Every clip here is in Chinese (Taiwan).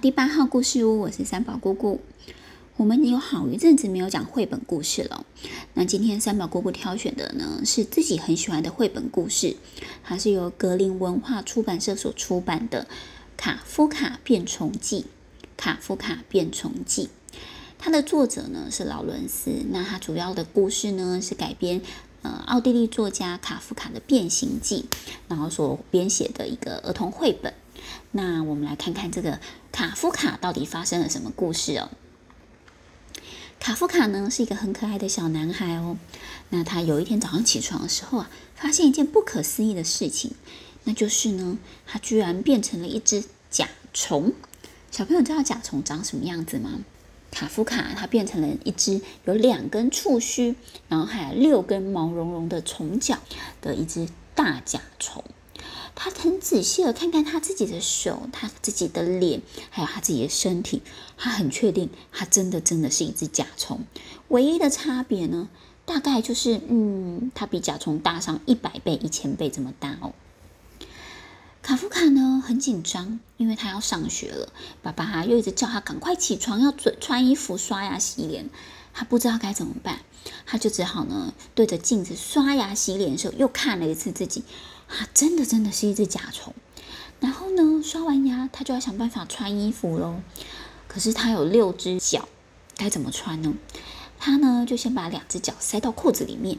第八號故事屋，我是三寶姑姑。我們有好一陣子沒有講繪本故事了。那今天三寶姑姑挑選的呢，是自己很喜歡的繪本故事，它是由格林文化出版社所出版的《卡夫卡變蟲記》。卡夫卡變蟲記，它的作者呢是勞倫斯。那他主要的故事呢，是改編呃奧地利作家卡夫卡的《變形記》，然後所編寫的一個兒童繪本。那我們來看看這個卡夫卡到底發生了什麼故事哦。卡夫卡呢是一個很可愛的小男孩哦。那他有一天早上起床的時候啊，發現一件不可思議的事情，那就是呢，他居然變成了一隻甲蟲。小朋友知道甲蟲長什麼樣子嗎？卡夫卡他變成了一隻有兩根觸鬚，然後還有六根毛茸茸的蟲腳的一隻大甲蟲。他很仔細的看看他自己的手、他自己的臉，還有他自己的身體。他很確定，他真的真的是一隻甲蟲。唯一的差別呢，大概就是，嗯，他比甲蟲大上一百倍、一千倍這麼大哦。卡夫卡呢很緊張，因為他要上學了，爸爸又一直叫他趕快起床，要穿穿衣服、刷牙、洗臉。他不知道該怎麼辦，他就只好呢對着鏡子刷牙洗臉的時候，又看了一次自己。啊，真的，真的是一隻甲蟲。然後呢，刷完牙，他就要想辦法穿衣服嘍。可是他有六隻腳，該怎麼穿呢？他呢，就先把兩隻腳塞到褲子裡面，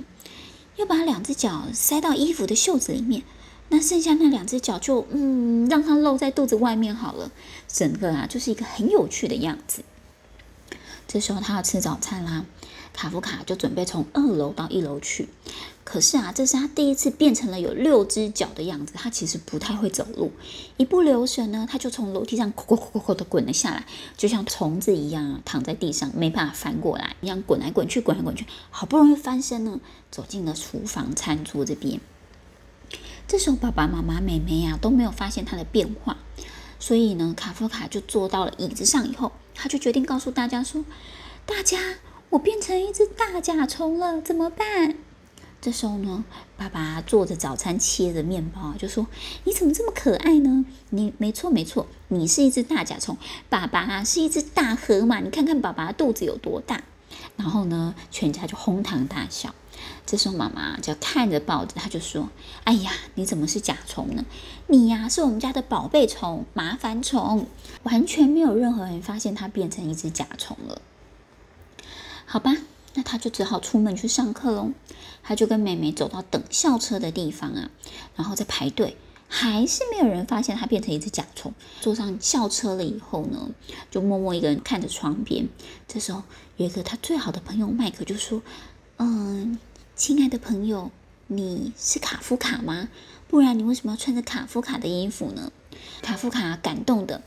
又把兩隻腳塞到衣服的袖子裡面。那剩下那兩隻腳就，就嗯，讓它露在肚子外面好了。整個啊，就是一個很有趣的樣子。這時候，他要吃早餐啦。卡夫卡就準備從二樓到一樓去，可是啊，這是他第一次變成了有六隻腳的樣子。他其實不太會走路，一不留神呢，他就從樓梯上“咕咕咕咕”的滾了下來，就像蟲子一樣、啊、躺在地上，沒辦法翻過來，這樣滾來滾去，滾來滾去，好不容易翻身呢，走進了廚房餐桌這邊。這時候，爸爸媽媽、妹妹呀、啊、都沒有發現他的變化，所以呢，卡夫卡就坐到了椅子上以後，他就決定告訴大家說：“大家。”我變成一隻大甲蟲了，怎麼辦？這時候呢，爸爸做着早餐，切着麵包，就說：“你怎麼這麼可愛呢？”你沒錯，沒錯，你是一隻大甲蟲。爸爸啊，是一隻大河馬，你看看爸爸的肚子有多大。然後呢，全家就哄堂大笑。這時候媽媽就看着報紙，她就說：“哎呀，你怎麼是甲蟲呢？你呀啊，是我們家的寶貝蟲、麻煩蟲，完全沒有任何人發現它變成一隻甲蟲了。”好吧，那他就只好出門去上課嘍。他就跟妹妹走到等校車的地方啊，然後在排隊，還是沒有人發現他變成一只甲蟲。坐上校車了以後呢，就默默一個人看着窗邊。這時候有一個他最好的朋友麥克就說：“嗯，親愛的朋友，你是卡夫卡嗎？不然你為什麼要穿着卡夫卡的衣服呢？”卡夫卡感動的。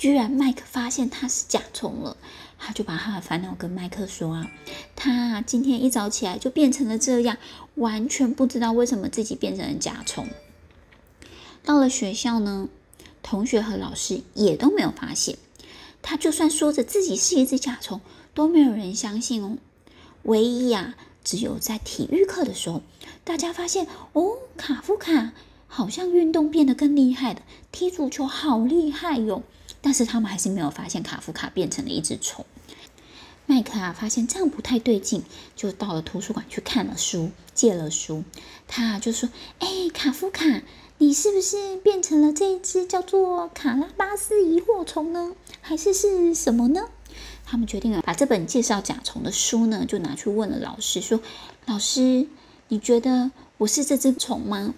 居然麥克發現他是甲蟲了，他就把他的煩惱跟麥克說啊，他今天一早起來就變成了這樣，完全不知道為什麼自己變成了甲蟲。到了學校呢，同學和老師也都沒有發現，他就算說着自己是一隻甲蟲，都沒有人相信哦。唯一啊，只有在體育課的時候，大家發現哦，卡夫卡好像運動變得更厲害的，踢足球好厲害喲、哦。但是他們還是沒有發現卡夫卡變成了一只蟲。麥克啊，發現這樣不太對勁，就到了圖書館去看了書，借了書。他就說：“哎、欸，卡夫卡，你是不是變成了這一只叫做卡拉巴斯螢火蟲呢？還是是什麼呢？”他們決定了把這本介紹甲蟲的書呢，就拿去問了老師，說：“老師，你覺得我是這只蟲嗎？”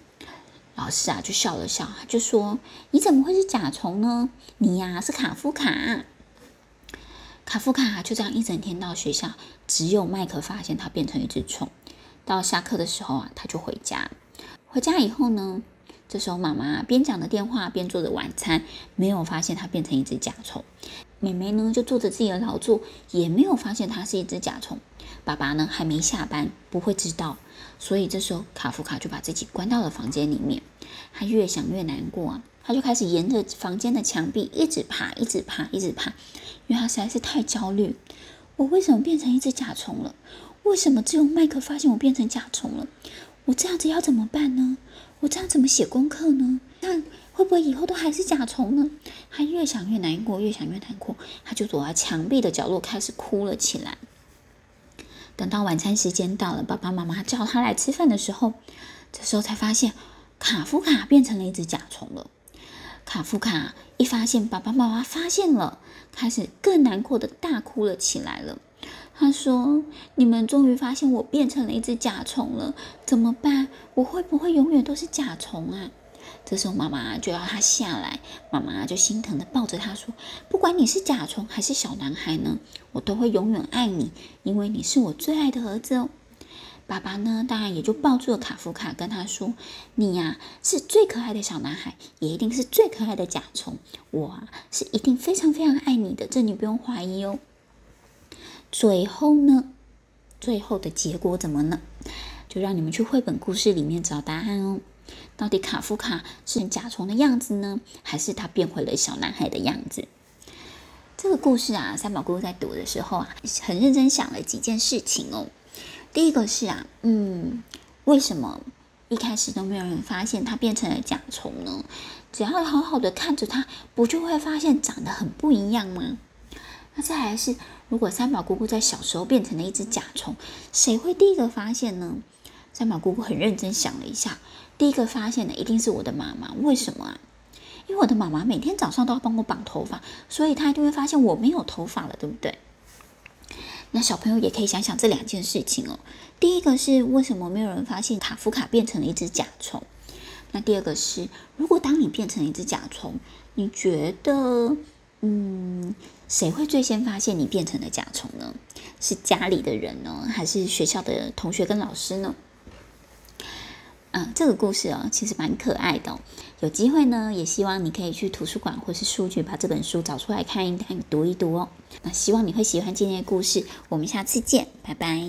老師啊，就笑了笑，就說：“你怎麼會是甲蟲呢？你呀、啊，是卡夫卡。卡夫卡就這樣一整天到學校，只有麥克發現他變成一只蟲。到下課的時候啊，他就回家。回家以後呢，這時候媽媽邊講着電話邊做着晚餐，沒有發現他變成一只甲蟲。妹妹呢，就做着自己的勞作，也沒有發現他是一只甲蟲。”爸爸呢，還沒下班，不會知道，所以這時候卡夫卡就把自己關到了房間裡面。他越想越難過啊，他就開始沿着房間的牆壁一直爬，一直爬，一直爬，因為他實在是太焦慮。我為什麼變成一隻甲蟲了？為什麼只有麥克發現我變成甲蟲了？我這樣子要怎麼辦呢？我這樣怎麼寫功課呢？那會不會以後都還是甲蟲呢？他越想越難過，越想越難過，他就躲在牆壁的角落開始哭了起來。等到晚餐時間到了，爸爸媽媽叫他來吃飯的時候，這時候才發現卡夫卡變成了一隻甲蟲了。卡夫卡一發現爸爸媽媽發現了，開始更難過的大哭了起來了。他說：“你們終於發現我變成了一隻甲蟲了，怎麼辦？我會不會永遠都是甲蟲啊？”這時候，媽媽就要他下來，媽媽就心疼的抱着他說：“不管你是甲蟲還是小男孩呢，我都會永遠愛你，因為你是我最愛的兒子哦。”爸爸呢，當然也就抱住了卡夫卡，跟他說：“你呀、啊，是最可愛的小男孩，也一定是最可愛的甲蟲，我啊，是一定非常非常愛你的，這你不用懷疑哦。”最後呢，最後的結果怎麼呢？就讓你們去繪本故事裡面找答案哦。到底卡夫卡是甲蟲的樣子呢，還是他變回了小男孩的樣子？這個故事啊，三寶姑姑在讀的時候啊，很認真想了幾件事情哦。第一個是啊，嗯，為什麼一開始都沒有人發現他變成了甲蟲呢？只要好好的看着他，不就會發現長得很不一樣嗎？那再來是，如果三寶姑姑在小時候變成了一隻甲蟲，誰會第一個發現呢？三寶姑姑很認真想了一下。第一個發現的一定是我的媽媽，為什麼啊？因為我的媽媽每天早上都要幫我綁頭髮，所以她一定會發現我沒有頭髮了，對不對？那小朋友也可以想想這兩件事情哦。第一個是為什麼沒有人發現卡夫卡變成了一隻甲蟲？那第二個是，如果當你變成一隻甲蟲，你覺得嗯，誰會最先發現你變成了甲蟲呢？是家裡的人呢，還是學校的同學跟老師呢？這個故事啊、哦，其實蠻可愛的、哦。有機會呢，也希望你可以去圖書館或是書局把這本書找出來看一看、讀一讀哦。那希望你會喜歡今天的故事，我們下次見，拜拜。